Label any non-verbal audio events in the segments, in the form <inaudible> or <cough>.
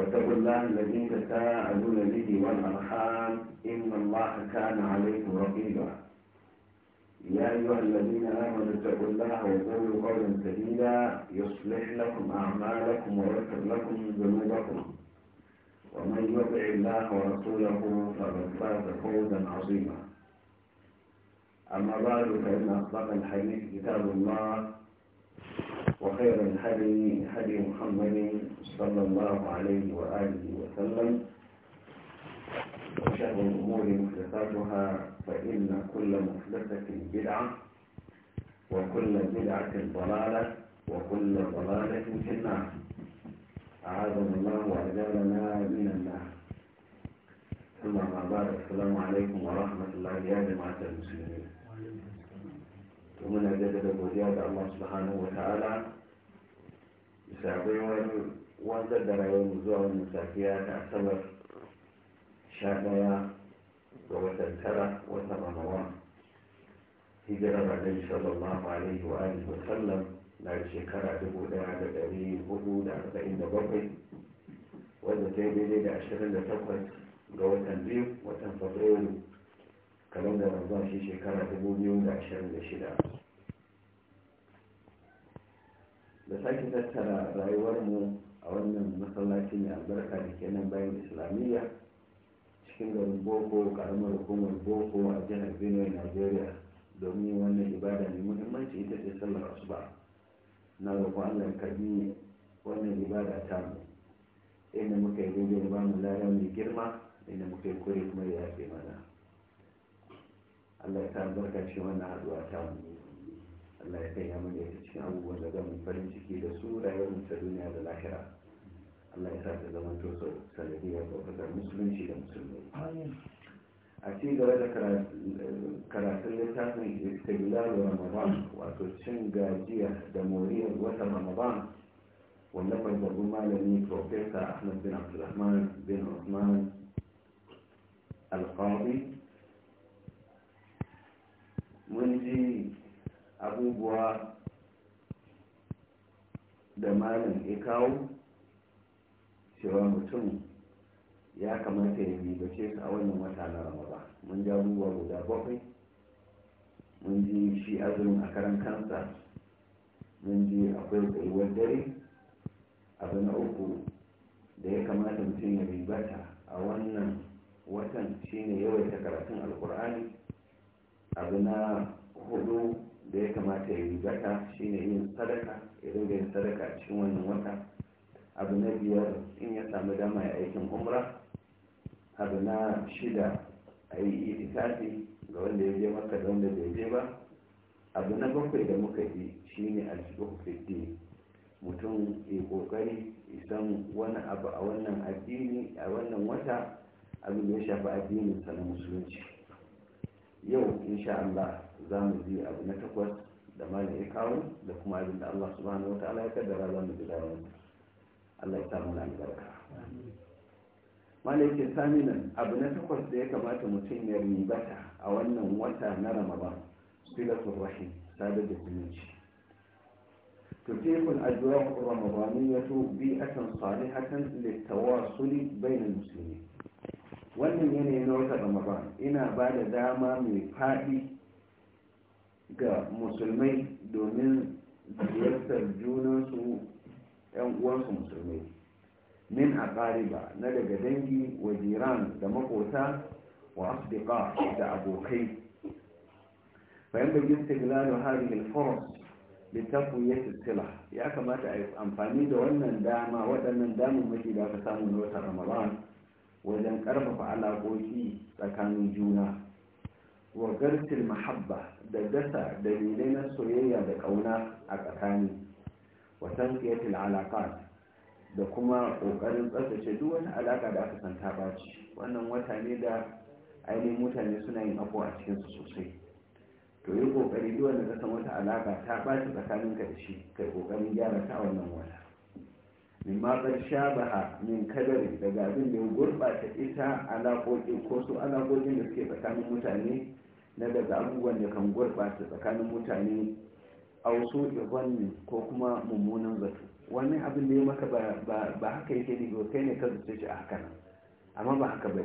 واتقوا الله الذي تساءلون به والأرحام إن الله كان عليكم رقيبا يا أيها الذين آمنوا اتقوا الله وقولوا قولا سديدا يصلح لكم أعمالكم ويغفر لكم ذنوبكم ومن يطع الله ورسوله فقد فاز فوزا عظيما أما بعد فإن أصدق الحديث كتاب الله وخير الهدي هدي محمد صلى الله عليه وآله وسلم وشر الأمور محدثاتها فإن كل محدثة بدعة وكل بدعة ضلالة وكل ضلالة في النار أعاذنا الله وأجالنا من النار ثم بعد السلام عليكم ورحمة الله يا جماعة المسلمين to muna jaddada godiya ga Allah subhanahu wa ta'ala bisa wani wanzar da rayuwarmu zuwa wannan safiya ta asabar sha ɗaya ga watan tara wata ramadan hijirar annabi sallallahu alaihi wa alihi wa na shekara dubu ɗaya da ɗari hudu da arba'in da bakwai wanda ta yi daidai da ashirin da takwas ga watan biyu watan fabrairu da ramadan shi shekara 2026 da da sake tattara rayuwarmu a wannan masallacin albarka da ke nan bayan islamiyya cikin garin boko karamar hukumar boko a jihar benue nigeria domin wannan ibada mai muhimmanci ita ce sallar asuba na roƙon allah karbi wannan ibada ta mu inda muka yi daidai ba mu lara mai girma inda muka yi kure kuma ya yafe mana Allah ya sa barka ce wannan haɗuwa ta mu Allah ya ya mana ita cikin abubuwan da zamu farin ciki da su rayuwar ta duniya da lahira Allah ya sa ta zama to so sanadiyar ɗaukakar musulunci da musulmai a ci gaba da karatun littafin istiglal ramadan wato cin gajiya da moriyar wata ramadan wanda babban malami profesa ahmad bin abdulrahman bin usman mun ji abubuwa da malam ya cewa mutum ya kamata ya ribace su a wannan wata na ramadan mun ji abubuwa guda bakwai mun ji shi azumin a karan kansa mun ji akwai tsayuwar dare abu na uku da ya kamata mutum ya ribata a wannan watan shine yawaita karatun alkur'ani abu na hudu da ya kamata ya yi zaka shine yin sadaka ya dinga yin sadaka a cikin wannan wata abu na biyar in ya samu dama ya aikin umra abu na shida a yi itikafi ga wanda ya je maka da wanda bai je ba abu na bakwai da muka ji shine a cikin mutum ya kokari isan wani abu a wannan addini a wannan wata abin da ya shafi addininsa na musulunci yau insha Allah za mu ji abu na takwas da malam ya kawo da kuma abin da Allah subhanahu wataala ya kaddara za mu ji bayan Allah ya samu na albarka malam yake saminan abu na takwas da ya kamata mutum ya ribata a wannan wata na Ramadan silatul rahim sadar da zumunci تتيح الأجواء الرمضانية بيئة صالحة للتواصل bayan musulmi wannan yanayi na wata ramadan ina ba da dama mai faɗi ga musulmai domin ziyartar junansu yan uwansu musulmai min a ƙariba na daga dangi wa jiran da makota wa asdiqa da abokai bayan da gista gilalu harin alfaros da sila ya kamata a amfani da wannan dama waɗannan damar mafi da aka samu na wata ramadan wajen ƙarfafa alaƙoƙi tsakanin juna wa mahabba da dasa dalilai na soyayya da ƙauna a tsakani wa tansiyatil alaƙa da kuma ƙoƙarin tsaftace duk wata alaƙa da aka santa ta wannan wata ne da ainihin mutane suna yin abu a cikinsu sosai to yi ƙoƙari duk wanda ka wata alaƙa ta ɓaci tsakaninka da shi kai ƙoƙarin gyara ta wannan wata min maƙar shabaha min kadari daga abin da ya gurɓata ita alaƙoƙi ko su alaƙoƙin da suke tsakanin mutane na daga abubuwan da kan gurɓata tsakanin mutane a wasu ibanni ko kuma mummunan zato wani abin da ya maka ba haka yake ne ba kai ne ka zuce shi a haka nan amma ba haka ba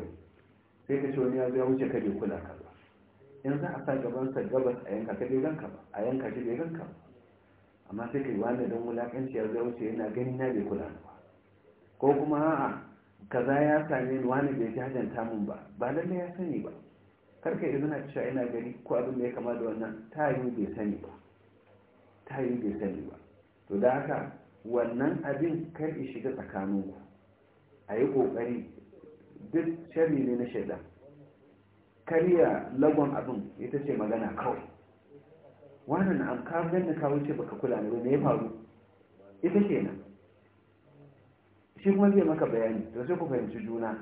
sai ka ce wani ya zo ya wuce ka bai kula ka ba in za a sa gabansa gabas a yanka ka bai ranka ba a yanka shi bai ranka ba amma sai ka kai wani don wulakanci ya wuce yana gani na bai kula ba ko kuma a'a kaza ya same ni wani bai jajen tamun ba ba lallai ya sani ba karka idan na cewa ina gani ko abin da ya kama da wannan ta yi bai sani ba ta bai sani ba to da haka wannan abin kar i shiga tsakaninku a yi ƙoƙari duk shari ne na shaidan karya lagon abin ita ce magana kawai wannan an kawo ganna kawo ce baka kula ne ya faru ita ke nan. shi kuma zai maka bayani to sai ku fahimci juna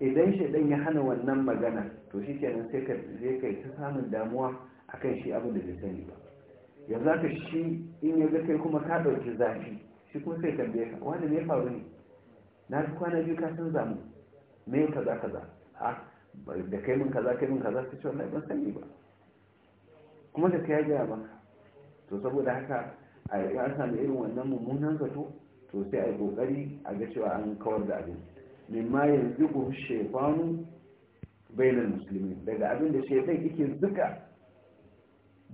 idan shaidan ya hana wannan magana to shi kenan sai ka zai kai ta samun damuwa akan shi abin da bai sani ba yanzu haka shi in ya ga kai kuma ka ɗauki zafi shi kuma sai tambaye ka wani ya faru ne na fi kwana biyu ka san zamu me kaza kaza a ah, da kai min kaza kai min kaza ka ce wallahi ban sani ba kuma da ka ya gaya baka to saboda haka a yi an irin wannan mummunan zato to sai a yi kokari a ga cewa an kawar da abin ma yanzu ku shefanu bainar musulmi daga abin da shefan yake zuka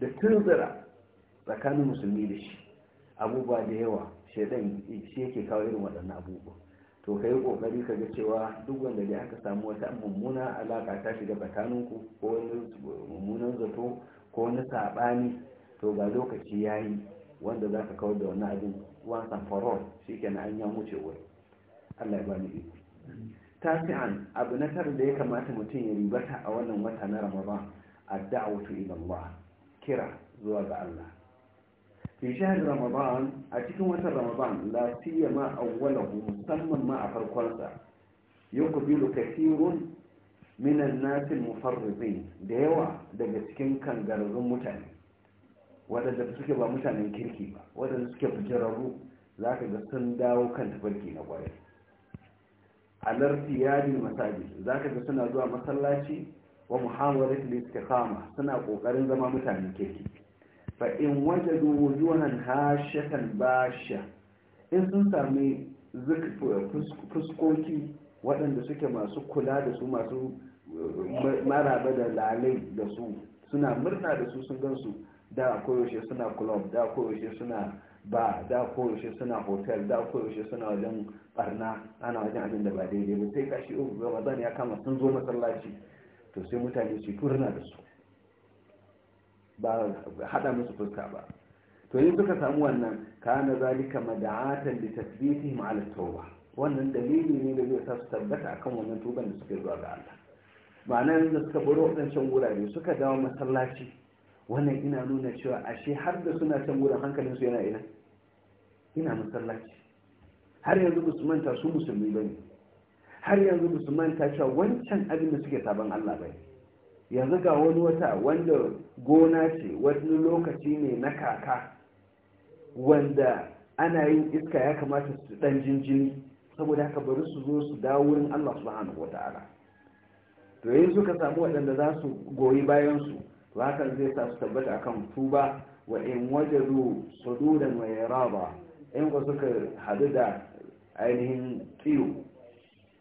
da tunzura tsakanin musulmi da shi abubuwa da yawa shaidan shi yake kawo irin waɗannan abubuwa to ka yi ƙoƙari ka ga cewa duk wanda dai aka samu wata mummuna alaƙa ta shiga tsakaninku ko wani mummunan zato ko na saɓani to ga lokaci ya yi wanda za ka kawar da wani abin once and for all shi ke na an yan wuce wuri allah ya bani iko an abu na tara da ya kamata mutum ya ribata a wannan wata na ramadan a dawatu ila allah kira zuwa ga allah fi shahar ramadan a cikin watan ramadan la siyama awwalahu musamman ma a farkonsa Yau yuqbilu lokaci minan nasin mufarrizin da yawa daga cikin kangararrun mutane waɗanda suke ba mutanen kirki ba waɗanda suke fujirarru za ka ga sun dawo kan tafarki na ƙwarai alarti yadi masajid za ka ga suna zuwa masallaci wa muhawarat kama suna ƙoƙarin zama mutanen kirki fa in wajadu wujuhan hashatan basha in sun sami fuskoki waɗanda suke masu kula da su masu eh, maraba da lalai da su suna murna da su sun gansu da koyaushe suna club da koyaushe suna ba da koyaushe suna hotel da koyaushe suna wajen barna ana wajen abin da ba daidai ba sai kashi uku zan ya kama sun zo masallaci to sai mutane su turna da su ba hada musu fuska ba to yin suka samu wannan kana zalika mada'atan li tathbitihim ala tawbah wannan dalili ne da zai sa su tabbata akan wannan tuban da suke zuwa ga Allah ma'anar da suka bar waɗancan wurare suka dawo masallaci wannan ina nuna cewa ashe har da suna can wurin hankalinsu yana ina ina masallaci har yanzu ba manta su musulmi ba ne har yanzu ba manta cewa wancan abin da suke sabon Allah ba yanzu ga wani wata wanda gona ce wani lokaci ne na kaka wanda ana yin iska ya kamata su dan jinjini saboda haka bari su zo su dawo wurin Allah subhanahu wata'ala to yayin suka samu waɗanda za su goyi bayan su to hakan zai sa su tabbata akan tuba wa in wajadu sududan wa yaraba in ko suka hadu da ainihin tiyo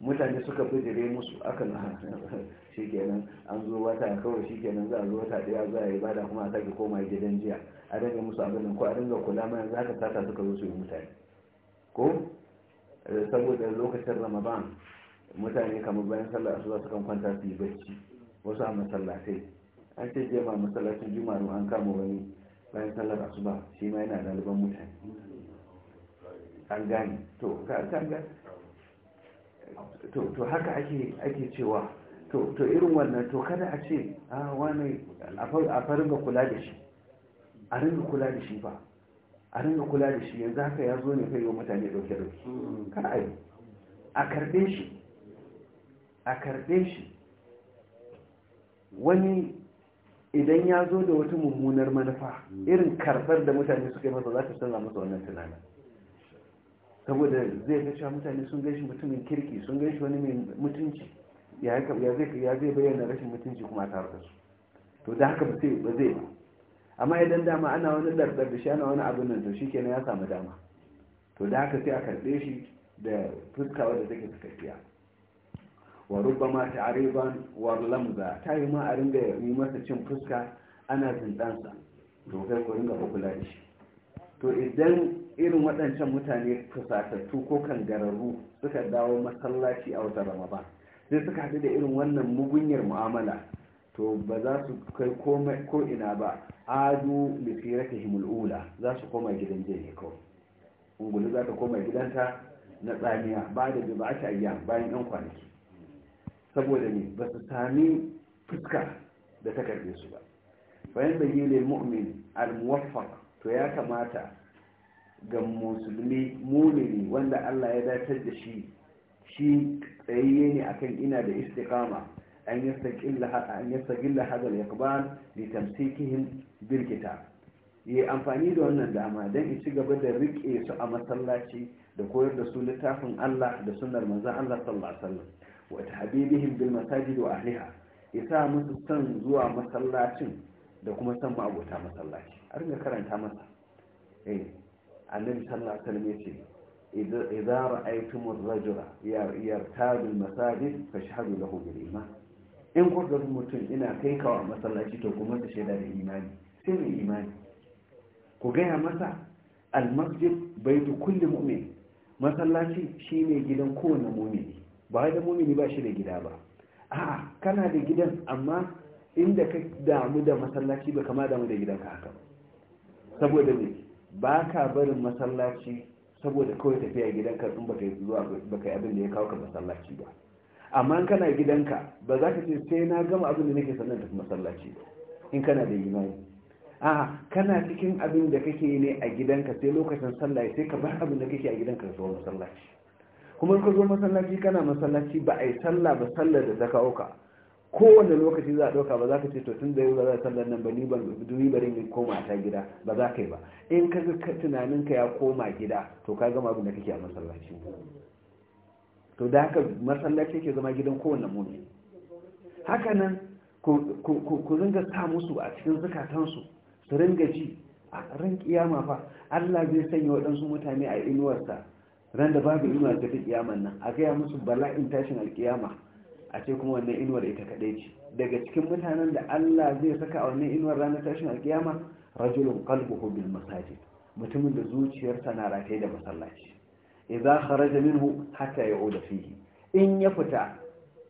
mutane suka bijire musu akan <laughs> shikenan an zo wata kawai shikenan za a zo wata daya za a yi bada kuma a sake koma gidan jiya a dinga musu abin ko a dinga kula mana za ka sata suka zo su yi mutane ko saboda lokacin ramadan mutane kamar bayan sallah su za su kan kwanta su yi bacci wasu a masallatai an ce jema masallacin jumaru an kama wani bayan sallar asuba shi ma yana ɗaliban mutane an gane to ka gane to haka ake cewa to irin wannan to kada a ce ah, a wani a farin kula da shi a ringa kula da shi ba a ringa kula da shi yanzu haka ya zo ne kai wa mutane dauke da mm. su kar a yi a karbe shi a karbe shi wani idan ya zo da wata mummunar manufa mm. irin karbar da mutane suka yi masa za ta canza masa wannan tunanin saboda zai ga cewa mutane sun gaishe mutumin kirki sun gaishe wani mai mutunci ya zai bayyana rashin mutunci kuma tare da su to da haka ba zai ba amma idan dama ana wani ɗarɗar da shi ana wani abin nan to shi kenan ya samu dama to da haka sai a karɓe shi da fuska wadda take sakakkiya wa ma ta'riban wa lamza ta yi ma a ringa yi masa cin fuska ana zindansa to kai ku ringa kula da shi to idan irin waɗancan mutane fusatattu ko kangararru suka dawo masallaci a wata ramadan sai suka haɗu da irin wannan mugunyar mu'amala to ba za su kai komai ko ina ba adu li himulula ula za su koma gidan jini ko ungulu za ta koma gidanta na tsamiya ba da ta ayyam bayan yan kwanaki saboda ne ba su sami fuska da ta karbe su ba bayan da yi mu'min al-muwaffaq to ya kamata ga musulmi mumini wanda Allah ya datar da shi shi tsayayye ne akan ina da istiqama أن يستقل أن يستقل هذا الإقبال لتمسيكهم بالكتاب yi amfani da wannan dama don in ci gaba da riƙe su a masallaci da koyar da su littafin Allah da sunnar manzon Allah sallallahu alaihi wasallam wa tahbibihim bil masajid wa ahliha musu san zuwa masallacin da kuma san ma'abota masallaci a ringa karanta masa eh annabi sallallahu alaihi wasallam yace idza ra'aytumur rajula yartadu al masajid fashhadu in kuka mutum ina kai kawa masallaci to kuma ta shaida da imani sai mai imani ku gaya masa almasjid baitu kulli mu'min masallaci shine gidan kowane mumini ba da mumini ba shi da gida ba a'a kana da gidan amma inda ka damu da masallaci ba kama damu da gidanka haka saboda ne ba ka barin masallaci saboda kawai tafiya gidanka in baka yi zuwa baka yi abin da ya kawo ka masallaci ba amma kana gidanka ba za ka ce sai na gama abin da nake sannan tafi masallaci in kana da imani a kana cikin abin da kake ne a gidanka sai lokacin sallah sai ka bar abin da kake a gidanka zuwa masallaci kuma ka zo masallaci kana masallaci ba a yi sallah ba sallar da ta kawo ka kowane lokaci za a ɗauka ba za ka ce to tun da yau za a sallar nan ba ni ban dubi bari ni koma ta gida ba za ka yi ba in ka ga tunaninka ya koma gida to ka gama abin da kake a masallaci to da haka masallaci ke zama gidan kowane mumini haka nan ku ringa sa musu a cikin zukatansu su ringa ji a ran kiyama fa Allah zai sanya waɗansu mutane a inuwarsa ran da babu inuwar ta kiyaman nan a gaya musu bala'in tashin alkiyama a ce kuma wannan inuwar ita kaɗai ce daga cikin mutanen da Allah zai saka a wannan inuwar ranar tashin alkiyama rajulun qalbuhu bil masajid mutumin da zuciyarsa na rataye da masallaci idza kharaja minhu hatta ya'uda fihi in ya fita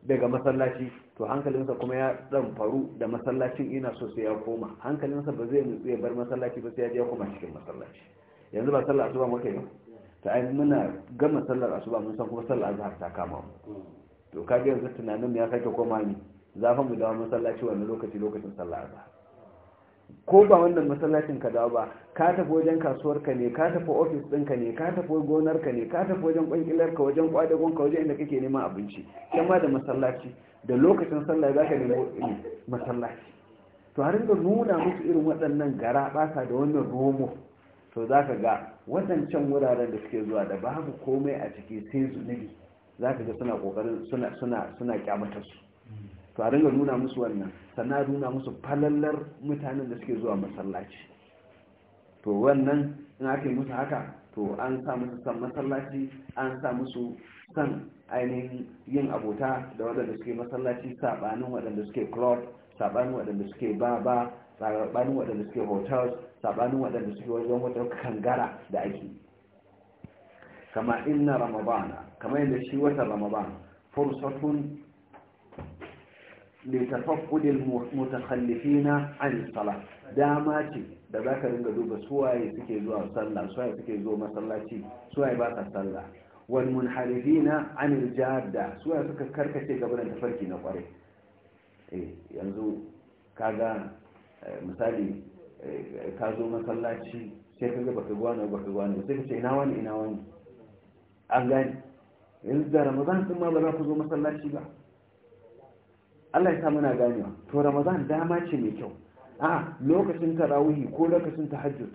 daga masallaci to hankalinsa kuma ya dan faru da masallacin ina so sai ya koma hankalinsa ba zai nutsu ya bar masallaci ba sai ya je ya koma cikin masallaci yanzu ba sallar asuba muke yi ta ai muna gama sallar asuba mun san kuma sallar azhar ta kama mu to ga yanzu tunanin ya sake koma ni za mu da masallaci wannan lokaci lokacin sallar azhar ko ba wannan masallacin ka dawo ba ka tafi wajen kasuwar ka ne ka tafi ofis ɗinka ka ne ka tafi gonar ka ne ka tafi wajen kwangilar ka wajen kwadagon ka wajen inda kake neman abinci yan ma da masallaci da lokacin sallah za ka nemo eh, masallaci to har da nuna musu irin waɗannan gara ɓata da wannan romo to za ka ga waɗancan wuraren da suke zuwa da babu komai a ciki sai zunubi za ka ga suna ƙoƙarin suna suna suna kyamatar su to a dinga nuna musu wannan sannan nuna musu falallar mutanen da suke zuwa masallaci to wannan in aka yi musu haka to an sa musu san masallaci an sa musu san ainihin yin abota da waɗanda suke masallaci saɓanin waɗanda suke club saɓanin waɗanda suke baba saɓanin waɗanda suke hotels saɓanin waɗanda suke wajen wata kangara da ake kama inna ramabana kama yadda shi wata ramabana fursatun لتفقد المتخلفين عن الصلاة dama ce da za ka ringa duba suwaye suke zuwa sallah suwaye suke zuwa masallaci suwaye ba ka sallah wal munharifina anil jadda suwaye suka karkace gaban farki na kware eh yanzu kaga misali ka zo masallaci sai ka ga baka gwana baka gwana sai ka ce ina wani ina wani an gani yanzu da ramadan din ma ba za ku zo masallaci ba Allah ya sa muna ganewa to Ramadan dama ce mai kyau a lokacin tarawihi ko lokacin tahajjud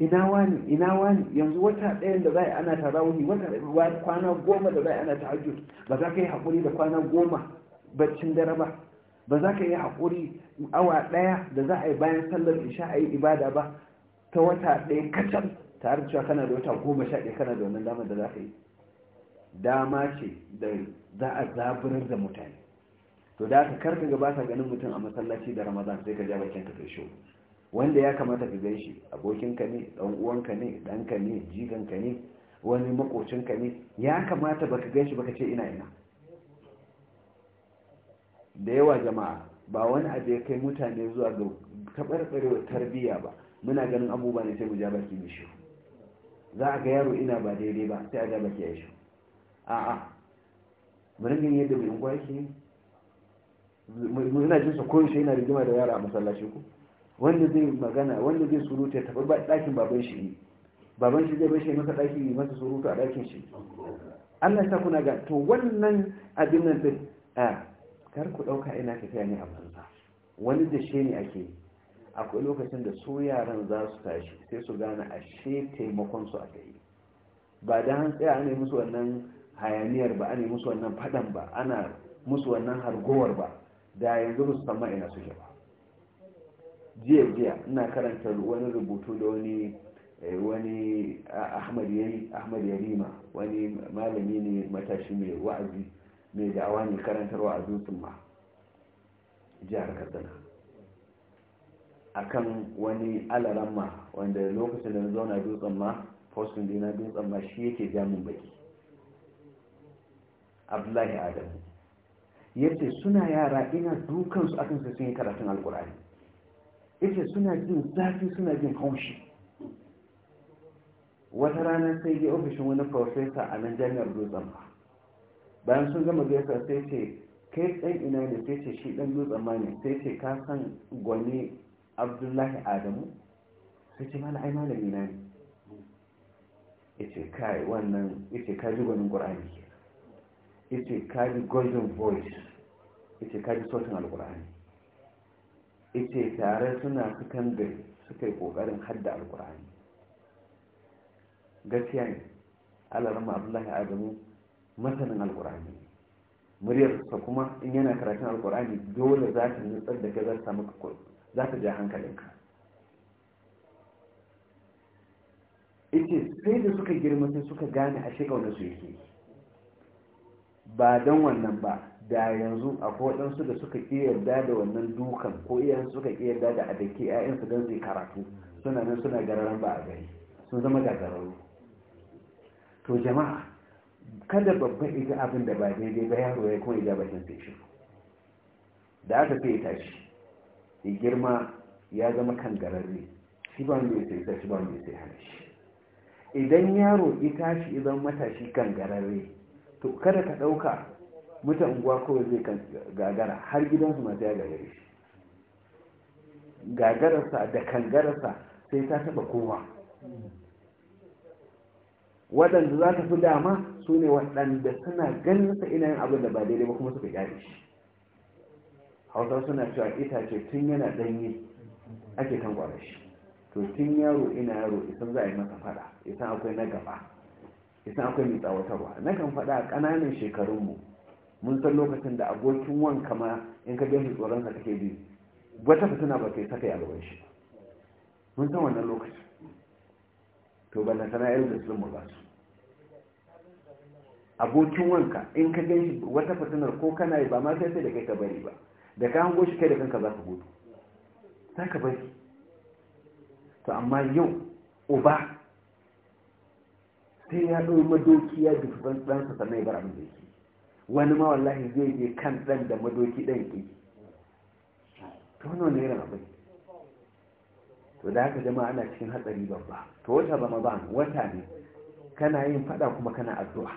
ina wani ina wani yanzu wata ɗayan da za a ana tarawihi wata kwana goma da za a ana tahajjud ba za ka yi haƙuri da kwana goma baccin dare ba ba za ka yi haƙuri awa ɗaya da za a yi bayan sallar isha a yi ibada ba ta wata ɗaya kacal tare da cewa kana da wata goma sha ɗaya kana da wannan damar da za ka yi dama ce da za a zaburar da mutane to da aka karka ga ba ganin mutum a masallaci da ramadan sai ka ja bakin ka sai wanda ya kamata ka gan shi abokinka ne dan uwanka ne ka ne ka ne wani makocinka ne ya kamata baka gan shi baka ce ina ina da yawa jama'a ba wani abu ya kai mutane zuwa ga taɓarɓarewa tarbiyya ba muna ganin abubuwa ne sai mu ja baki mu za a ga yaro ina ba daidai ba sai a ga baki ya shi a'a mu ringin yadda mai unguwa ina jin su koyi shi yana rigima da yara a masallaci ko wanda zai magana wanda zai surutu ya tafi ɗakin baban shi ne baban shi zai bashi masa ɗaki ne masa surutu a dakin shi Allah ya sa kuna ga to wannan abin nan din a kar ku ɗauka ina tafiya ne a banza wani da shi ne ake akwai lokacin da su yaran za su tashi sai su gane ashe taimakon su a yi ba da an tsaya ana musu wannan hayaniyar ba ana musu wannan fadan ba ana musu wannan hargowar ba da yanzu musamman ina suke ba jiya jiya ina karanta wani rubutu da wani eh, ahmad yarima wani malami ne matashi mai wa'azi mai da'awa ne karantar wa'azin ma jihar katsina kan wani alaramma wanda lokacin da na zauna dutsen ma fosfin dina dutsen ma shi yake jamin baki abdullahi adamu yace suna yara ina dukansu akan su sun karatun alkur'ani yace suna jin zafi suna jin haushi wata rana sai ya ofishin wani farfesa a nan jami'ar dutsen zama, bayan sun gama gaisa sai ce kai ɗan ina ne sai ce shi dan dutsen ma ne sai ce ka san gwani abdullahi adamu sai ce mana ai malami na ne ya ce kai wannan ya ce ka ji gwanin ƙur'ani yace kaji golden voice yace kaji sautin alkur'ani ice tare suna sukan da suka yi kokarin hadda alkur'ani gaskiya ne alarama abdullahi adamu masanin alkur'ani muryarsa kuma in yana karatun alkur'ani dole za ta nutsar da ka za za ta ja hankalinka ita sai da suka girma sai suka gane a da su yake ba don wannan ba da yanzu akwai waɗansu da suka ƙi yarda da wannan dukan ko iyayen suka ƙi yarda da adake 'ya'yansu don zai karatu suna nan suna gararan ba a gari sun zama gagararru to jama'a kada babban ita abin da ba daidai ba yaro ya kuma ija bakin sai da aka sai ya tashi ya girma ya zama kan gararre shi ba mai sai ta shi ba mai sai hana shi idan yaro ya tashi idan matashi kan gararre to kada ka ɗauka mutan unguwa kawai zai gagara har gidansu masu ya gagare shi gagararsa da kangararsa sai ta taɓa kowa waɗanda za ta fi dama su ne waɗanda suna ganin sa ina yin abin da ba daidai ba kuma suka gyare shi hausa suna cewa itace tun yana ɗanye ake kan kwarashi to tun yaro ina yaro isan za a yi masa fada isan akwai na gaba isa akwai mai tsawatarwa na kan faɗa a ƙananan shekarunmu mun san lokacin da abokin wanka ma in ka gani tsoron ka take bi wata fitina ba ta yi saka yalwar shi mun san wannan lokacin to ba na sana da su ba su abokin wanka in ka gani wata fitinar ko kana yi ba ma sai sai da kai ka bari ba da ka hango shi kai da kanka za ka gudu za ka bari to amma yau uba sai ya ɗau madoki ya ban ɗansa sannan ya bar abin da yake wani ma wallahi zai je kan ɗan da madoki ɗan ke to wannan ne yana abin to da haka jama'a ana cikin hatsari babba to wata ba wata ne kana yin fada kuma kana addu'a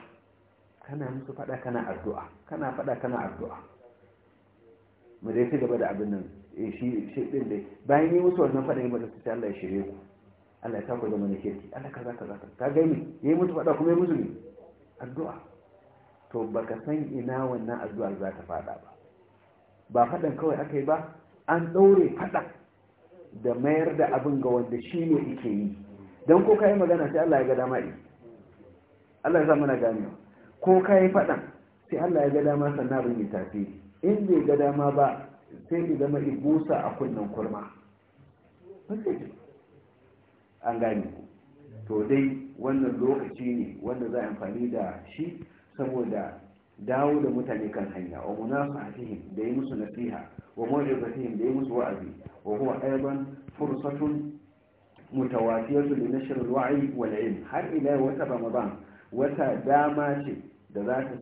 kana musu fada kana addu'a kana fada kana addu'a mu dai ci gaba da abin nan eh, shi shi din dai bayan yi musu wannan fada ne ba su Allah ya shirye ku Allah ya sako da mana shirki Allah kaza kaza ka gani yayi mutu fada kuma yayi musu addu'a to baka san ina wannan addu'ar za ta fada ba ba fadan kawai aka yi ba an daure fada da mayar da abin ga wanda shi ne yake yi don ko kai magana sai Allah ya ga dama yi Allah ya sa mana gani ko kai fadan sai Allah ya ga dama sannan abin ya tafi in bai ga dama ba sai ya zama ibusa a kunnan kurma ba sai an gane ku to dai wannan lokaci ne wanda za a amfani da shi saboda dawo da mutane kan hanya wa munafatihim da yi musu nasiha wa mu'izatihim da yi musu wa'azi wa huwa aidan fursatun mutawafiyatu da nashr shirin wai wal ilm har ila wata ramadan wata dama ce da za ta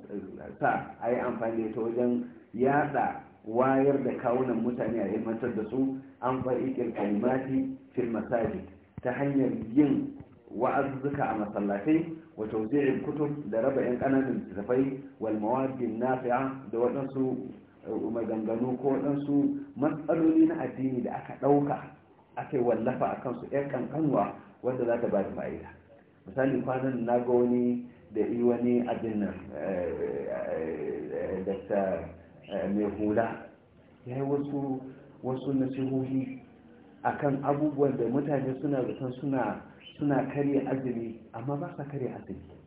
sa a yi amfani ta wajen yada wayar da kawunan mutane a ilmantar da su an fa'iƙin kalimati fil masajid ta hanyar yin wa'azzuka a masallatai wa tawzi'il kutub da raba yan kananan littattafai wal mawadin nafi'a da waɗansu uh, maganganu ko waɗansu matsaloli na addini da aka ɗauka aka wallafa a kansu yan kankanwa wanda zata ta ba da fa'ida misali kwanan na ga wani da yi wani abin nan eh, eh, eh, da mai hula ya yi wasu nasihohi akan abubuwan da mutane suna zaton suna suna karya azumi amma ba sa karya azumi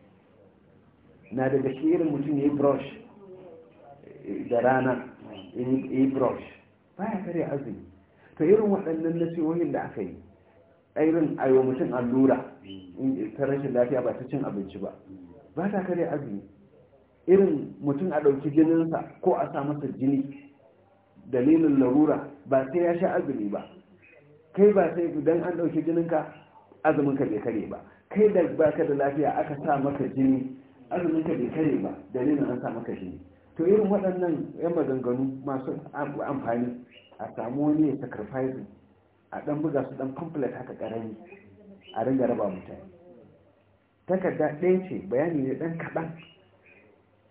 na daga shi irin mutum ya yi brush eh, da rana ya yi brush ba ya karya azumi to irin waɗannan nasihohin da aka yi irin ayo mutum allura ta rashin lafiya ba ta cin abinci ba ba ta karya azumi irin mutum a ɗauki jininsa ko a sa masa jini dalilin larura ba sai ya sha azumi ba kai ba sai dan an ɗauki jininka azuminka bai kare ba kai da ba ka da lafiya aka sa maka jini azuminka bai kare ba dalilin an sa maka jini to irin waɗannan yan maganganu masu amfani a samu wani ya sacrifice a ɗan buga su ɗan pamphlet haka ƙarami a ringa raba mutane takarda ɗaya ce bayani ne ɗan kaɗan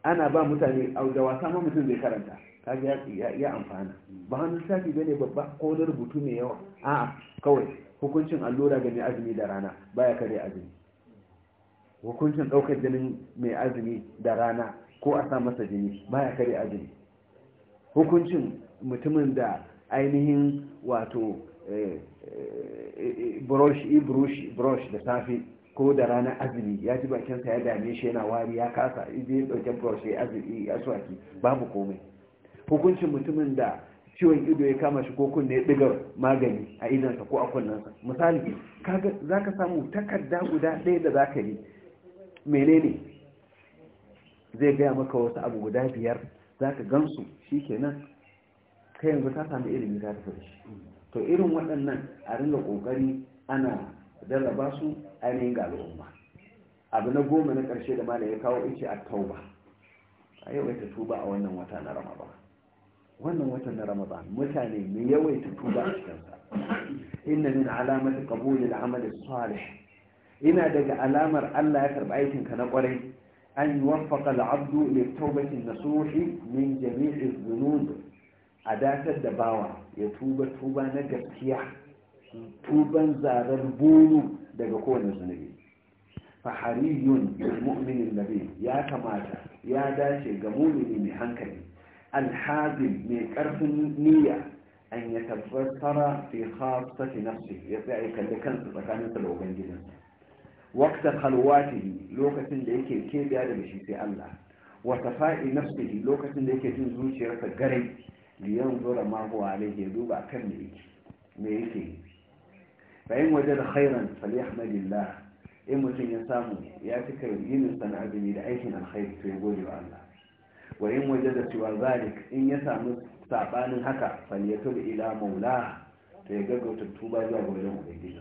ana ba mutane da wasa ma mutum zai karanta kaga ya ya amfana ba hannun ba bane babba ko wani rubutu mai yawa a'a kawai hukuncin allura ga mai azumi da rana baya kare azumi hukuncin ɗaukar jinin mai azumi da rana ko a sa masa jini baya kare azumi hukuncin mutumin da ainihin wato eh, eh, eh, e brush da safe ko da rana azumi ya ji bakinsa ya dame shi yana wari ya kasa ije ɗauke brush ya azumi ya swaki babu komai hukuncin mutumin da ciwon ido ya kama shi ko kunne ya ɗiga magani a idonsa ko a kunnensa misali kaga zaka samu takarda guda ɗaya da zaka yi menene zai gaya maka wasu abu guda biyar zaka gansu shi kenan ka yanzu ka samu ilimi za ta shi to irin waɗannan a ringa ƙoƙari ana jarraba su ainihin ga al'umma abu na goma na ƙarshe da malaya ya kawo ice a tauba a yau ita tuba a wannan wata na rama ba. wannan watan na ramadan mutane mai yawaita tuba a cikinsa inna min alamati qabuli al-amali salih ina daga alamar Allah ya karba aikin na kwarai an yuwaffaqa al-abdu li tawbati nasuhi min jami'i dhunub a datar da bawa ya tuba tuba na gaskiya tuban zarar bulu daga kowane zunubi fahariyun bil mu'minin nabi ya kamata ya dace ga mu'mini mai hankali alhazin mai karfin niyya an ya tabbatara fi khasati nafsi ya tsaya kalli kansa tsakaninsa da ubangijinsa waqta khalwatihi lokacin da yake kebiya da shi sai Allah wa tafa'i nafsihi lokacin da yake cin zuciyarsa garai liyan zura ma huwa alaihi duba kan me yake me yake fa in wajada khairan falyahmadillah in mutum ya samu ya cika yin sana'ar da aikin alkhairi to ya gode wa Allah wa waje da cewa zalik in ya samu sabanin haka falyatul ila maula to ya gaggauta tuba zuwa ga wajen ubangiji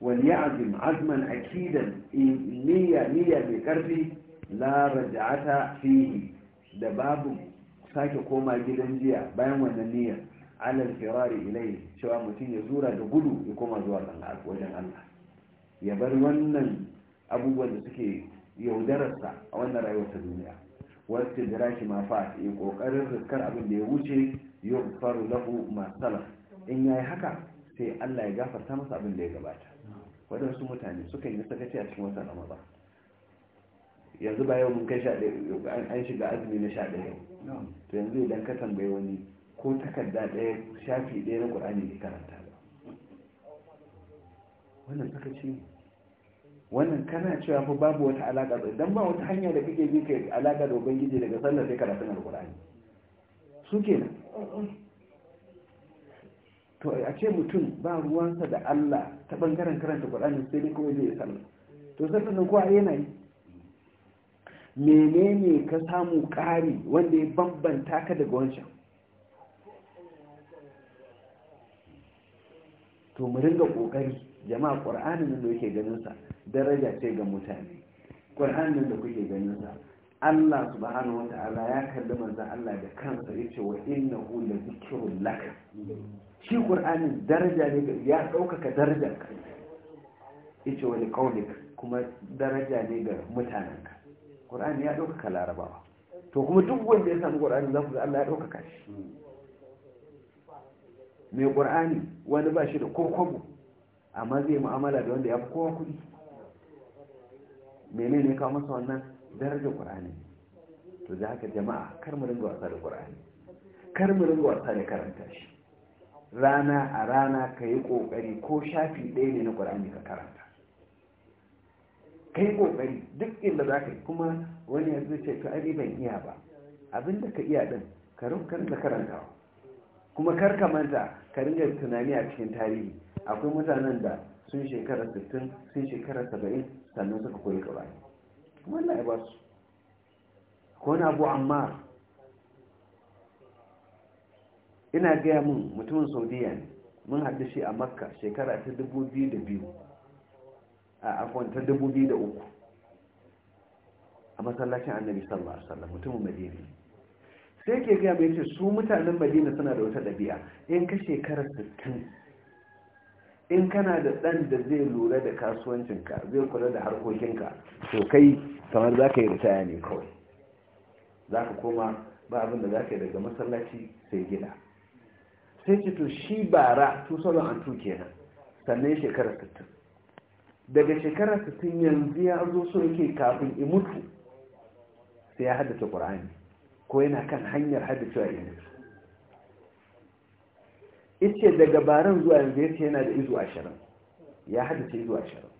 wal ya'zim azman akidan niyya niyya mai karfi la raj'ata fihi da babu sake koma gidan jiya bayan wannan niyyar ala firari ilai cewa mutum ya zura da gudu ya koma zuwa wajen Allah ya bar wannan abubuwan da suke yaudararsa a wannan rayuwar ta duniya wasu jiraki ma fa yi kokarin rikar abin da ya wuce yau faru lafu masala in yayi haka sai Allah ya gafarta masa abin da ya gabata waɗansu mutane sukan yi sakaci a cikin wata ramadan yanzu ba yau mun kai sha an shiga azumi na sha ɗaya to yanzu idan ka tambayi wani ko takarda ɗaya shafi ɗaya na ƙur'ani ne karanta ba wannan sakaci ne wannan kana cewa fa babu wata alaka dan ba wata hanya da kake bi kai alaka da ubangiji daga sallar sai karatun alqur'ani su nan, to a ce mutum ba ruwansa da Allah ta bangaren karanta qur'ani sai dai kuma zai sallar to sallar nan kowa yana yi menene ka samu ƙari wanda ya bambanta ka daga wancan to mu ringa kokari jama'a ƙur'anin nan da yake ganin sa daraja ce ga mutane ƙur'anin da kuke ganin sa Allah subhanahu wata'ala ya kalli manzon Allah da kansa ya ce wa inna hula zikirun laka shi ƙur'anin daraja ne ga, ya ɗaukaka daraja ka ya ce wani liqaulik kuma daraja ne ga mutanenka ƙur'ani ya ɗaukaka larabawa to kuma duk wanda ya samu ƙur'ani za ku ga Allah ya ɗaukaka shi mai ƙur'ani wani ba shi da ko amma zai mu'amala da wanda ya fi kowa kuɗi Mene ne kawo masa wannan darajar ƙur'ani? to za ka jama'a kar mu ringa wasa da ƙur'ani. kar mu ringa wasa da karanta shi rana a rana ka yi ƙoƙari ko shafi ɗaya ne na ƙur'ani ka karanta Ka yi ƙoƙari duk inda za ka yi kuma wani yanzu ce to ai ban iya ba abinda ka iya din ka rinka karantawa kuma kar ka manta ka ringa tunani a cikin tarihi akwai mutanen da sun shekara 60 sun shekara 70 sannan suka koyi wannan ya ba su ko na abu amma ina gaya mun mutumin saudiya ne mun haɗe shi a makka shekara ta 2002 a akwai ta 2003 a masallacin annabi sallallahu alaihi wasallam mutumin madina sai ke gaya mai ce su mutanen madina suna da wata ɗabi'a in ka shekara 60 in kana da ɗan da zai lura da kasuwancinka zai kula da harkokinka to kai kamar za ka yi ritaya ne kawai za ka koma ba abin da za ka yi daga masallaci sai gida sai ce to shi bara tuke kenan sannan shekara 60 daga shekara 60 yanzu ya zo so yake kafin imutu sai ya haddace ƙur'ani ko yana kan hanyar haddacewa yanzu. ice daga baran zuwa yanzu ya ce yana da izu ashirin ya haddace izu ashirin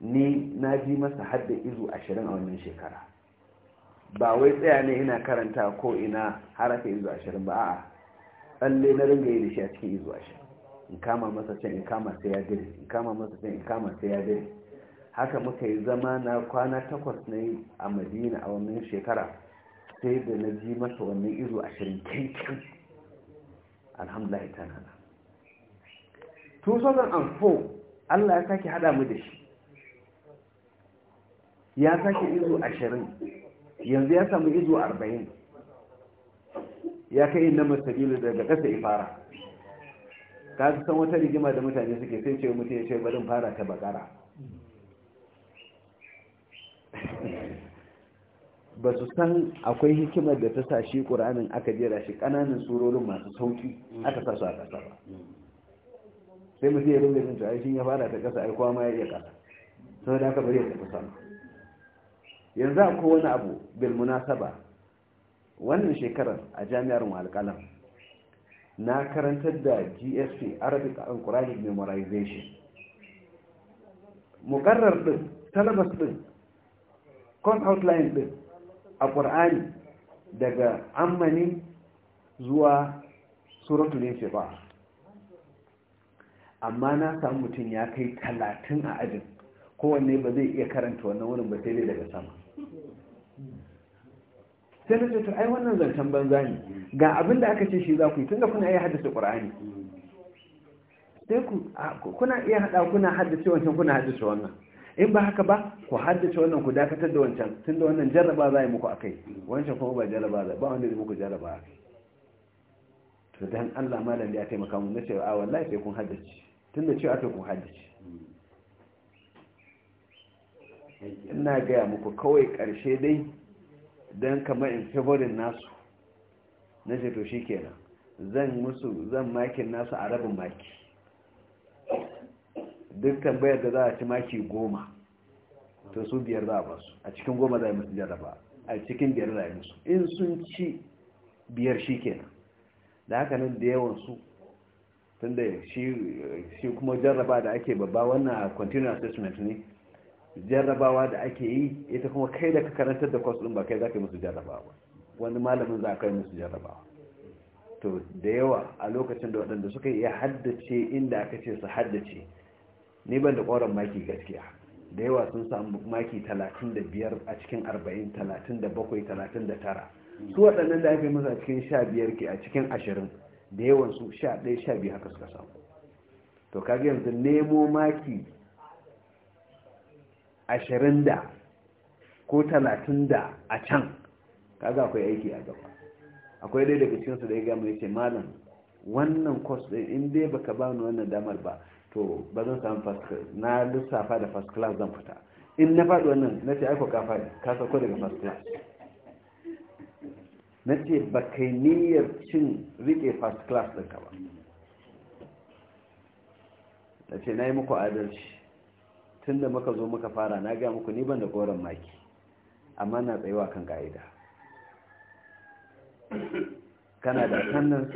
ni na ji masa hadda izu ashirin a wannan shekara ba wai tsaya ne ina karanta ko ina haraka izu ashirin ba a tsalle na ringa yi da shi a cikin izu ashirin in kama masa can in kama sai ya dare in kama masa can in kama sai ya dare haka muka yi zama na kwana takwas na yi a madina a wannan shekara sai da na ji masa wannan izu ashirin kyankyan alhamdulahi ta nana 2004 Allah ya sake hada mu da shi ya sake izo 20 yanzu ya samu izo arba'in ya kai na masabilu daga ƙasa ifara ka san wata rigima da mutane suke sai ce mutu ya ce barin fara ta bakara ba su san akwai hikimar da ta sa shi ƙuranin aka jera shi ƙananan surorin masu sauƙi aka sa su a ƙasa ba sai mutum ya rinda jin shi ya fara ta ƙasa aikowa ma ya iya ƙasa sau da aka bari ya tafi sama yanzu akwai wani abu bil munasaba wannan shekarar a jami'ar mu alƙalam na karantar da gsp arabic and quranic memorization muƙarrar ɗin talabas ɗin con outline ɗin a ƙur'ani daga ammani zuwa suratul infitar amma na samu mutum ya kai talatin a ajin kowanne ba zai iya karanta wannan wurin ba sai dai daga sama sai na to ai wannan zancen banza ne ga abin da aka ce shi za ku yi tun da kuna iya haddace ƙur'ani sai ku kuna iya haɗa kuna haddace wancan kuna haddace wannan in ba haka ba ku haddace wannan ku dakatar da wancan tun da wannan jarraba za a yi muku a kai wancan kuma ba jarraba za ba wanda zai muku jarraba a kai to dan allah malam da ya taimaka mu na cewa a wallahi sai kun haddace tun da cewa to kun haddace ina gaya muku kawai karshe dai don kamar in favorin nasu na ce to shi kenan zan musu zan makin nasu a rabin maki duk tambayar da za a ci maki goma to su biyar za a basu a cikin goma za a yi musu jarraba a cikin biyar za a yi musu in sun ci biyar shi kenan da haka nan da yawan su tunda shi kuma jarraba da ake babba wannan continuous assessment ne jarrabawa da ake yi ita kuma kai da ka karantar da kwas ɗin ba kai za ka yi musu jarrabawa wani malamin za ka yi musu jarrabawa to da yawa a lokacin da waɗanda suka iya haddace inda aka ce su haddace ni ban da ƙoron maki gaskiya da yawa sun samu maki 35 a cikin 40 37 39 su waɗannan da haifin yi masa a cikin 15 ke a cikin 20 da yawan su 11 12 haka suka samu to kage yanzu nemo maki 20 da ko 30 da a can kaga akwai aiki a gaba akwai dai daga cikinsu da ya gama ya ce malam wannan kwas ɗin in dai baka bani wannan damar ba to ba zan samu first class na lissafa da first class zan fita in na faɗi wannan na ce aiko ka faɗi ka sauko daga first class na ce ba kai niyyar cin riƙe first class ka ba na ce na yi muku adalci tun da muka zo muka fara na gaya muku ni ban da goron maki amma na tsayuwa kan ka'ida kana da sannan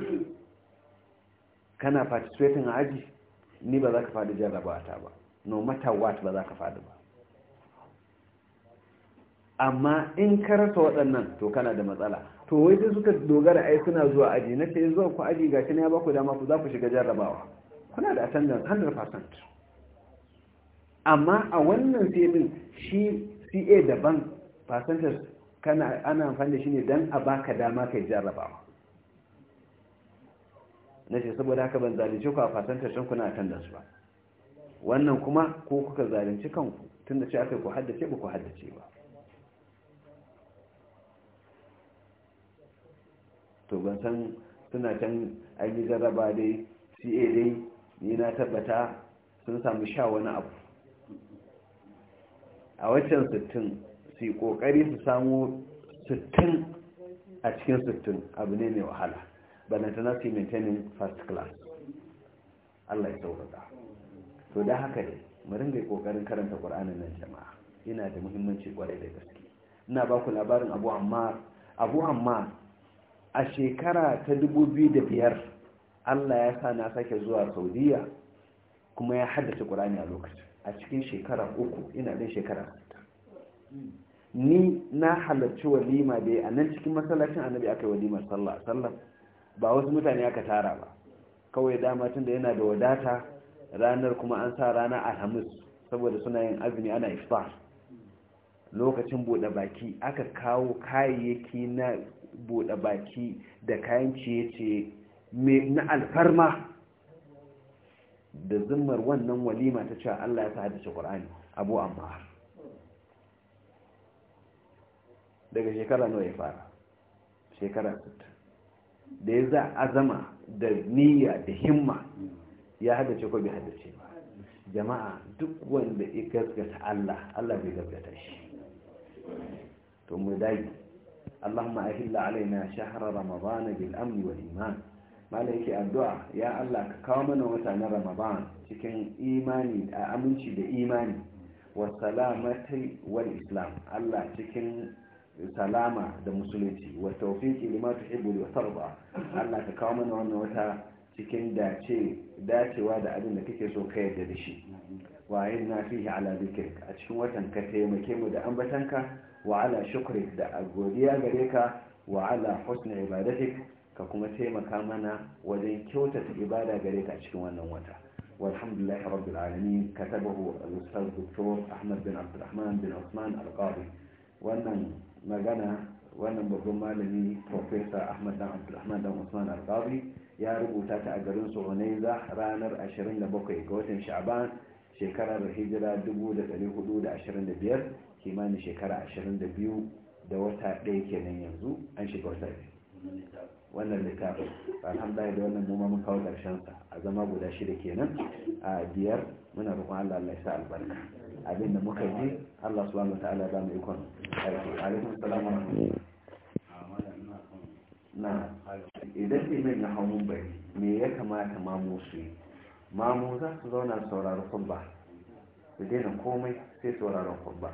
kana participating a aji ni ba za ka faɗi jarrabawata ba no matter what ba za ka faɗi ba amma in ka rasa waɗannan to kana da matsala to wai sai suka dogara ai suna zuwa aji na ce eh, zuwa ku aji ga kina ya baku dama ku za ku shiga jarrabawa kuna da attendance 100% amma a wannan sai shi CA daban percentage kana ana amfani da shi ne dan a baka dama kai jarrabawa na ce saboda haka ban zalunci ku a tashin kuna a kan su ba wannan kuma ko kuka zalunci kanku tun da ce aka ku haddace ba ku haddace ba to ban san suna can an yi dai ca dai ni na tabbata sun samu sha wani abu a waccan 60 su yi kokari su samu sittin a cikin sittin abu ne mai wahala balantana su maintaining first class allah ya saurata to da haka ne mu ringa kokarin karanta Qur'anin nan jama'a Ina da muhimmanci kwarai da gaske ina ba ku labarin abu amma abu amma a shekara ta 2005 allah ya sa na sake zuwa saudiya kuma ya haddace Qur'ani a lokacin a cikin shekara uku ina da shekara ni na halarci walima da a nan cikin masallacin annabi aka yi walimar sallah sallah ba wasu mutane aka tara ba kawai dama tun da yana da wadata ranar kuma an sa rana alhamis saboda suna yin azumi ana iftar lokacin bude baki aka kawo kayayyaki na bude baki da kayan ciye-ciye na alfarma da zimmar wannan walima ta cewa Allah ya sa da Qur'ani Abu Ammar daga shekara nawa ya fara shekara da ya za azama da niyya da himma ya haddace ko bai haddace jama'a duk wanda ya gaskata Allah Allah bai gaskata shi to mu dai Allahumma ahilla alaina shahr ramadan bil amn wal iman malaiki addu'a ya Allah ka kawo mana wata na ramadan cikin imani a aminci da imani wa salamati wal islam Allah cikin salama da musulunci wata tawfiqi lima tuhibbu wa Allah ka kawo mana wannan wata cikin dace dacewa da abin da kake so ka yarda da shi wa na fihi ala dhikrik a cikin watan ka taimake mu da ambatanka wa ala shukri da godiya gare ka wa ala husni ibadatik ka kuma taimaka mana wajen kyautata ibada gare ka cikin wannan wata والحمد لله رب العالمين كتبه الأستاذ الدكتور bin بن عبد الرحمن بن magana wannan babban malami professor ahmad dan abdulrahman dan usman al-qadi ya rubuta ta a garin sonaiza ranar 27 ga watan sha'ban shekarar hijira 1425 kimanin shekara 22 da wata ɗaya kenan yanzu an shiga wata wannan littafin alhamdulillah da wannan noma mun kawo sa a zama guda shida kenan a biyar muna roƙon Allah Allah ya sa albarka abin da muka yi Allah subhanahu wa ta'ala ba mu ikon aiki alaikum salam wa na idan liman ya hau mumbai me ya kamata mamu su yi mamu za su zauna sauraron kubba su daina komai sai sauraron kubba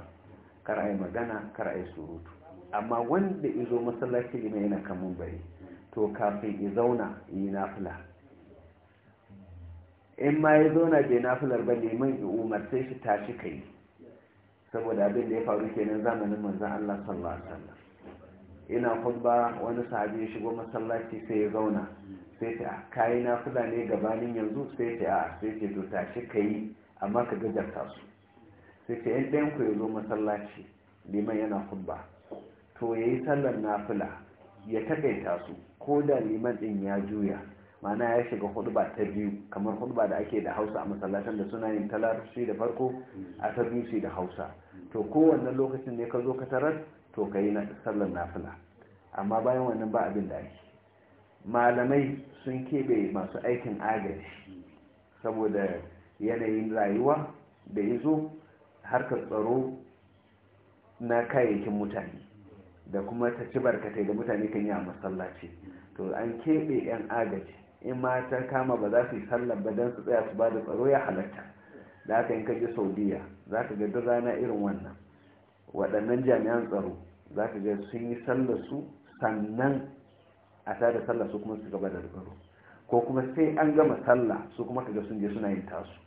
kar a yi magana kar a yi surutu amma wanda izo masallaci liman yana kamun bai to kafin ya zauna yi nafila in ma ya zauna na nafilar ba neman ya umarce shi tashi kai saboda abin da ya faru kenan zamanin manzan Allah sallallahu alaihi wasallam ina khutba wani sahabi ya shigo masallaci sai ya zauna sai ta ah, kayi nafila ne gabanin yanzu sai ta a ah, sai ce to tashi kai amma ka gajarta su sai ce yan ɗayan ku ya zo masallaci liman yana khutba to yayi sallar nafila ya takaita su ko da liman ɗin ya juya mana ya shiga hudba ta biyu kamar hudba da ake da hausa a masallacin da suna yin talarci da farko a ta biyu da hausa to kowanne lokacin ne ka zo ka tarar to ka yi sallar nafila amma bayan wannan ba abin da ake malamai sun keɓe masu aikin agaji saboda yanayin rayuwa da ya zo harkar tsaro na kayayyakin mutane da kuma ta ci barkatai da mutane kan yi a masallaci to an keɓe 'yan agaji in ma ta kama ba za su yi sallar ba don su tsaya su ba da tsaro ya halatta da haka in ka je saudiya za ka ga rana irin wannan waɗannan jami'an tsaro za ka ga sun yi sallar su sannan a ta da sallah su kuma su gaba da tsaro ko kuma sai an gama sallah su kuma ga sun je suna yin tasu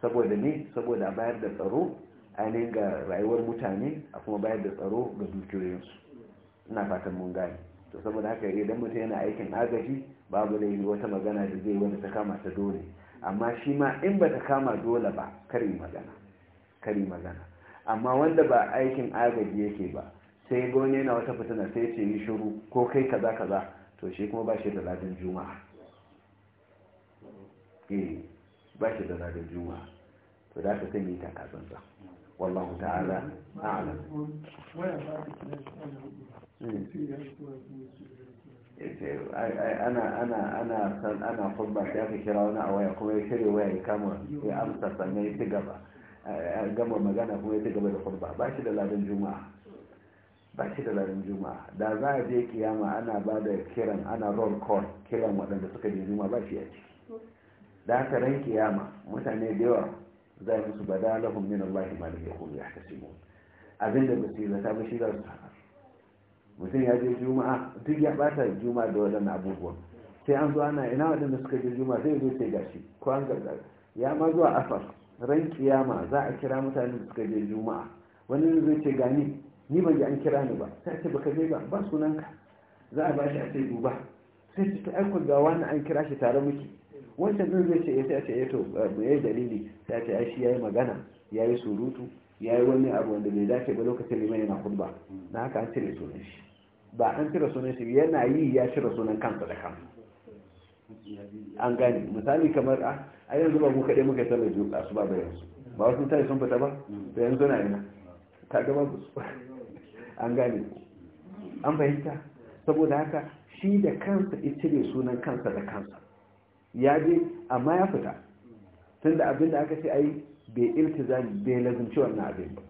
saboda ne saboda a bayar da tsaro ainihin ga rayuwar mutane a kuma bayar da tsaro ga dukiyoyinsu ina fatan mun gane to saboda haka idan mutum yana aikin agaji babu laifi wata magana da zai wanda ta kama ta dole amma shi ma in ba ta kama dole ba kari magana kari magana amma wanda ba aikin agaji yake ba sai goni yana wata fitina sai ce yi shiru ko kai kaza kaza to shi kuma ba shi da ladin juma'a eh ba shi da ladin juma'a to da ka sani ta kazanta wallahu ta'ala a'lam ana ana ana san ana sai aka kira wani a waya kuma ya shirya waya ya kama ya amsa sannan ya ci gama magana kuma ya ci gaba da khutba ba shi da ladan juma'a ba shi da ladan juma'a da za a je kiyama ana ba da kiran ana roll call kiran waɗanda suka je juma'a ba shi a ciki da haka ran kiyama mutane da yawa za a su bada lahum min Allah ma ya yakunu yahtasimun abin da basu zata ba shi za sa mutum ya je juma'a duk ya bata juma'a da wadannan abubuwan sai an zo ana ina waɗanda suka je juma'a zai zo sai gashi ko an gargara ya ma zuwa asar ran kiyama za a kira mutane da suka je juma'a wani zai ce gani ni ban ji an kira ni ba sai ce baka je ba ba sunanka za a bashi a ce duba sai ce ta aiko ga wani an kira shi tare muke wancan zai zai ce eh, sai ce eh, to eto yi dalili sai a ce ai shi ya yi magana ya yi surutu ya yi wani abu wanda bai dace ba lokacin limai yana kurba na haka an cire sunan shi ba an cire sunan shi yana yi ya cire sunan kansa da kansa an gane misali kamar a ah, a yanzu ba mu kaɗai muka sallar juka su ba bayan su ba wasu tare sun fita ba da yanzu na ina ta gaba ku an gane an fahimta saboda haka shi da kansa ya cire sunan kansa da kansa ya je amma ya fita tunda abin da aka ce ai bai iltizami bai lazumci wannan abin ba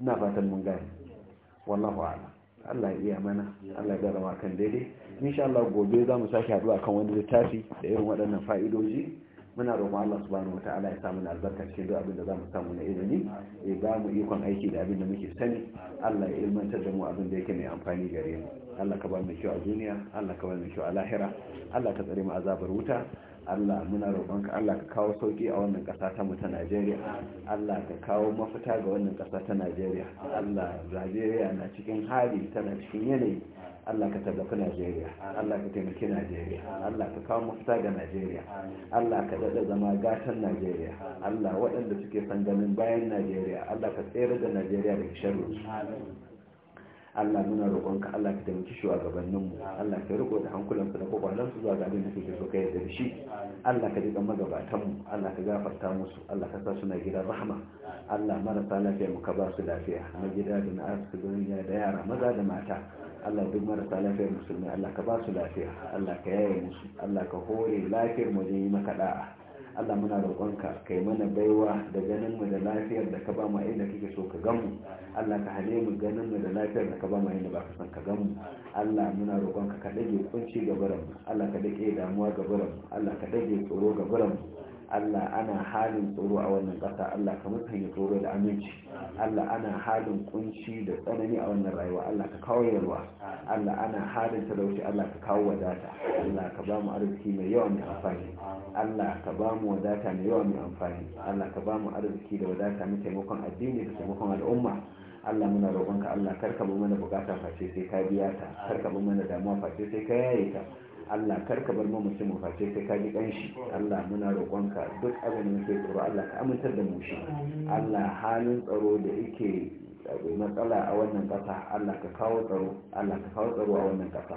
ina fatan mun gane wallahu a'lam Allah ya iya mana Allah ya gara kan daidai insha Allah gobe za mu sake haɗuwa kan wani littafi da irin waɗannan fa'idoji muna roƙon Allah subhanahu wataala ya samu albarka cikin duk abin da za mu samu na ilimi ya ba mu ikon aiki da abin da muke sani Allah ya ilmantar da mu abin da yake mai amfani gare mu Allah ka ba mu kyau a duniya Allah ka ba mu kyau a lahira Allah ka tsare mu azabar wuta Allah muna ka. Allah ka kawo sauki a wannan ƙasa ta mu ta Najeriya Allah ka kawo mafita ga wannan ƙasa ta Najeriya Allah Najeriya na cikin hali tana cikin yanayi Allah ka tallafi Najeriya Allah ka taimaki Najeriya Allah ka kawo mafita ga Najeriya Allah ka dada zama gatan Najeriya Allah waɗanda suke son bayan Najeriya Allah ka tsere da Najeriya daga sharri Allah muna roƙonka Allah ka taimaki shugabannin mu Allah ka riko da hankulan su da kwakwalan su zuwa ga abin da suke so ka da shi Allah ka jiƙa magabatan mu Allah ka gafarta musu Allah ka sa suna gida rahama Allah marasa lafiya mu ka ba su lafiya na gida da na asibiti da yara maza da mata Allah duk marasa lafiyar musulmi Allah ka ba su lafiya Allah ka yaye musu Allah ka hore lafiyar mu yi maka da'a allah muna roƙonka kai mana baiwa da ganin mu da lafiyar da ka ba mu inda kake so ka gamu allah ka hane mu ganin mu da lafiyar da ka ba mu inda ba ka san ka gamu allah muna roƙonka ka dage kunci ga mu allah ka dage damuwa ga mu allah ka dage tsoro ga mu Allah ana halin tsoro a wannan ƙasa Allah ka musanya tsoro da aminci Allah ana halin kunci da tsanani a wannan rayuwa Allah ka kawo yalwa Allah ana halin talauci Allah ka kawo wadata Allah ka bamu arziki mai yawan mai amfani Allah ka bamu wadata mai yawa mai amfani Allah ka bamu arziki da wadata mai taimakon addini da taimakon al'umma Allah muna roƙonka Allah karka bi mana bukata face sai ka biya ta karka bi mana damuwa face sai ka yaye ta Allah karka bar mu mutum face sai ka ji kanshi Allah muna roƙonka duk abin da muke tsoro Allah ka amintar da mu shi Allah halin tsaro da yake matsala a wannan ƙasa Allah ka kawo tsaro Allah ka kawo tsaro a wannan ƙasa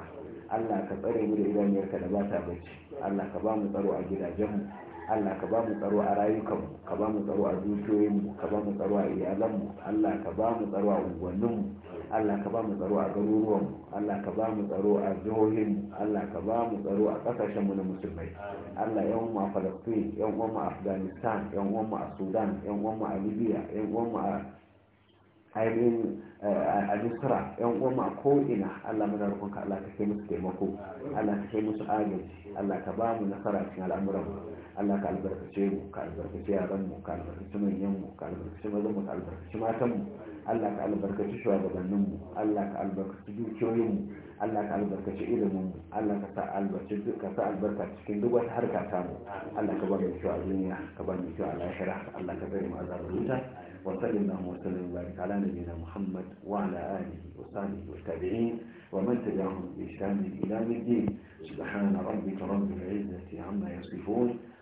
Allah ka tsare mu da idaniyarka da ba ta bacci Allah ka ba mu tsaro a gidajenmu Allah ka ba mu tsaro a rayukanmu ka ba mu tsaro a dukiyoyinmu ka ba mu tsaro a iyalanmu Allah ka ba mu tsaro a unguwanninmu Allah ka ba mu tsaro a garuruwan Allah ka ba mu tsaro a jihohin Allah ka ba mu tsaro a kasashen mu na musulmai Allah yan a Palestine yan uwa mu Afghanistan yan uwa mu a Sudan yan uwa mu a Libya yan uwa mu a ainihin eh, a nusra yan uwa a ko'ina allah muna rukunka allah ka kai musu taimako allah ka kai musu agaji allah ka ba mu nasara cikin al'amuran mu allah ka albarkace mu ka albarkace yaran mu ka albarkace manyan mu ka albarkace mazan mu ka albarkace matan mu Allah ka albarkaci shugabanninmu Allah ka albarkaci dukiyoyinmu Allah ka albarkaci iliminmu Allah ka sa albarkaci Ka sa albarka cikin duk wata harka ta mu Allah ka ba mu kyau a duniya ka ba mu kyau a lahira Allah ka bari mu azabar wuta wa sallallahu wa sallam wa baraka ala nabiyyina Muhammad wa ala alihi wa sahbihi wa tabi'in wa man tabi'ahum bi ihsan ila yawm الدين سبحان ربك رب العزة عما يصفون